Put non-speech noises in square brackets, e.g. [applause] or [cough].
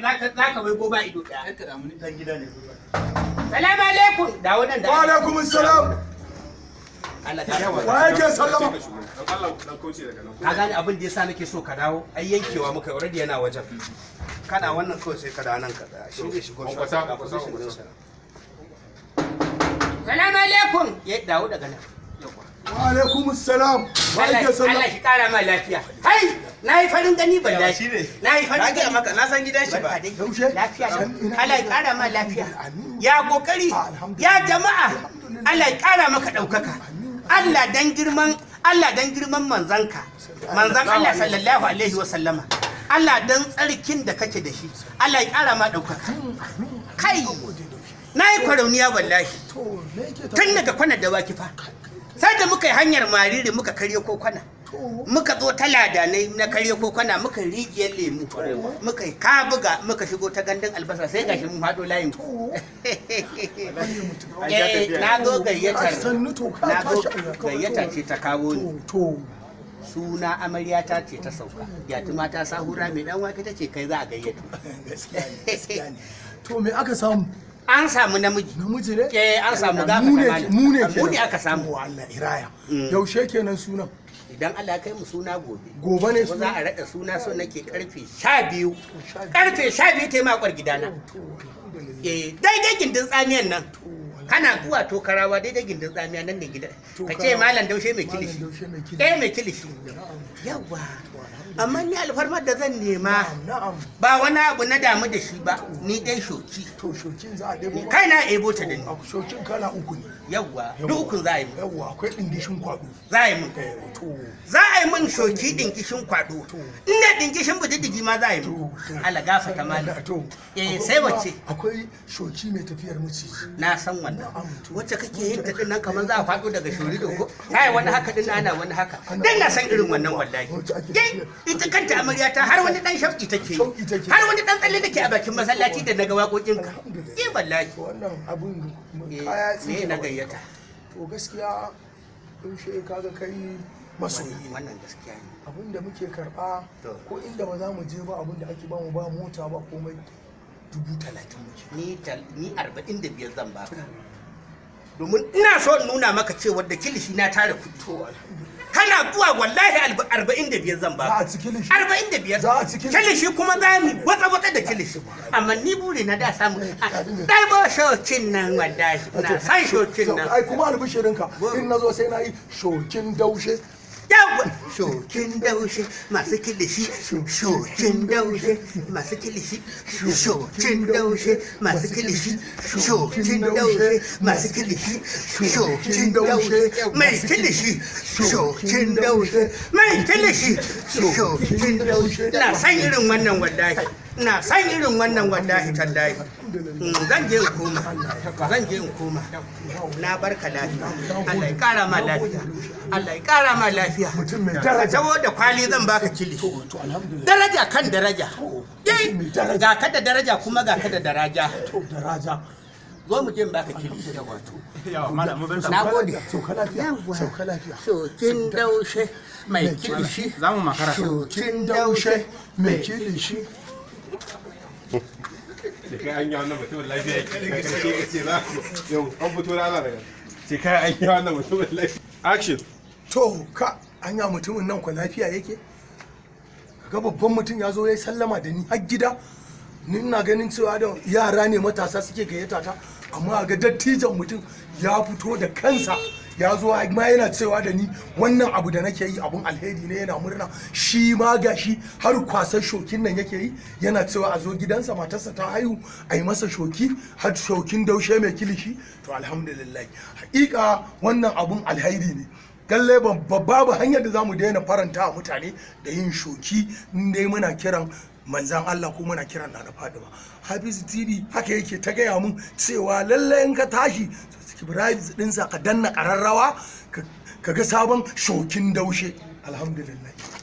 za ka bai goba ido ɗaya. Ɗan kaɗa muni ɗan gida ne goba. Salamu alaikum. Da wannan da. Wa alaikum salam. Wa yake sallama? Ka gane abin da yasa nake so ka dawo ai yankewa muka already yana wajen. Kana wannan kawai sai ka dawo nan ka tsaya. Shi zai shigo shi. Kwasa kwasa kwasa. Salamu alaikum. Ya dawo daga nan. wa alaikum assalam wa alaikum assalam Allah shi kara ma lafiya hai yi farin gani ban da shi na yi farin gani maka na san gidan shi ba lafiya Allah ya kara ma lafiya ya kokari ah, ya jama'a Allah ya kara maka daukaka Allah dan girman Allah dan girman manzanka manzan Allah sallallahu alaihi wa sallama Allah dan tsarkin da kake da shi Allah ya kara ma daukaka kai na yi kwarauniya wallahi tun daga kwanar da baki fa sai da hanyar mariri muka karya kokona muka zo ta ladanai na karya kokona muka rijiyar lemu muka yi kabuga muka shigo ta gandun albasa sai gashi mun faɗo layin [laughs] eh, na zo gayyatar na zo gayyata ce ta kawo ni suna amaryata ta ce ta sauka yatuma ta sahura mai dan wake ta kai za a gayyato [laughs] to me aka samu an samu namiji namiji ne ke eh, an samu gafa mu ne mu ne aka samu Allah iraya mm. yaushe kenan sunan idan Allah kai mu suna gobe gobe ne suna a rada suna so nake karfe 12 karfe 12 tayi ma kwar gidana eh daidai din tsamiyan nan kana zuwa to karawa daidai gindin tsamiya nan ne gida ka ce malam daushe mai kilishi eh mai kilishi yawa amma ni alfarmar da zan nema ba wani abu na damu da shi ba ni dai shoki to shokin za a debo kai na ebo ta da ni shokin kala uku ne yawa duk uku za a yi yawa akwai dingishin kwado za a yi mun eh, za a yi mun shoki dingishin kwado ina dingishin budiddigi ma za a yi min. ala gafa ta malam eh sai wacce akwai shoki mai tafiyar muci na san wannan wacce kake yin tafi nan kamar za a faɗo daga shuri ko kai wani haka din ana wani haka dan na san irin wannan wallahi ita kanta amarya ta har wani dan shafi take har wani dan tsalle take a bakin masallaci da naga waƙoƙin ka eh wallahi wannan abun eh, kaya tsaye na gayyata to gaskiya in she kaga kai masoyi wannan gaskiya ne abun da muke karɓa ko inda ba za mu je ba abun da ake ba mu ba mota ba komai dubu talatin muke ni arba'in da biyar zan baka domin ina so in nuna maka cewa da kilishi na tara kuɗi kana zuwa wallahi arba'in da biyar zan ba arba'in da biyar kilishi kuma za mu watsa watsa da kilishi amma ni buri na da samu dai eh, ba shokin nan wallahi na san shokin nan ai kuma albishirinka in nazo sai na yi shokin daushe yawa shokin daushe masu kilishi shokin daushe masu kilishi shokin daushe masu kilishi shokin daushe masu kilishi shokin daushe mai kilishi shokin daushe mai kilishi shokin daushe na san irin wannan wallahi na san irin wannan wallahi tallahi hmm, zan je in koma zan je in koma na barka lafiya Allah ya kara ma lafiya Allah ya kara ma lafiya saboda kwali zan baka kili daraja kan daraja ga ka da daraja kuma ga ka da daraja zo mu je baka kili da wato na gode shokin daushe mai kilishi shokin daushe mai kilishi da kai an yi wannan mutumin lafiya ya kashe ka ce action to ka an yi mutumin nan kwa lafiya yake ga babban mutum ya zo ya yi sallama da ni har gida ni ina ganin cewa da yara ne matasa suke gayyata ta amma ga dattijan mutum ya fito da kansa ya zo ma yana cewa da ni wannan abu da nake yi abun alheri ne yana murna shi ma gashi har kwasar shokin nan yake yi yana cewa a zo gidansa matarsa ta haihu a yi masa shoki har shokin daushe mai kilishi to alhamdulillah haƙiƙa wannan abun alheri ne babba babu hanyar da za mu daina faranta a mutane da yin shoki dai muna kiran manzan Allah ko muna kiran na Fadima Hafizu TV haka yake ta gaya mun cewa lalle in ka tashi ibrahim dinsa ka danna kararrawa ka ga sabon shokin daushe alhamdulillah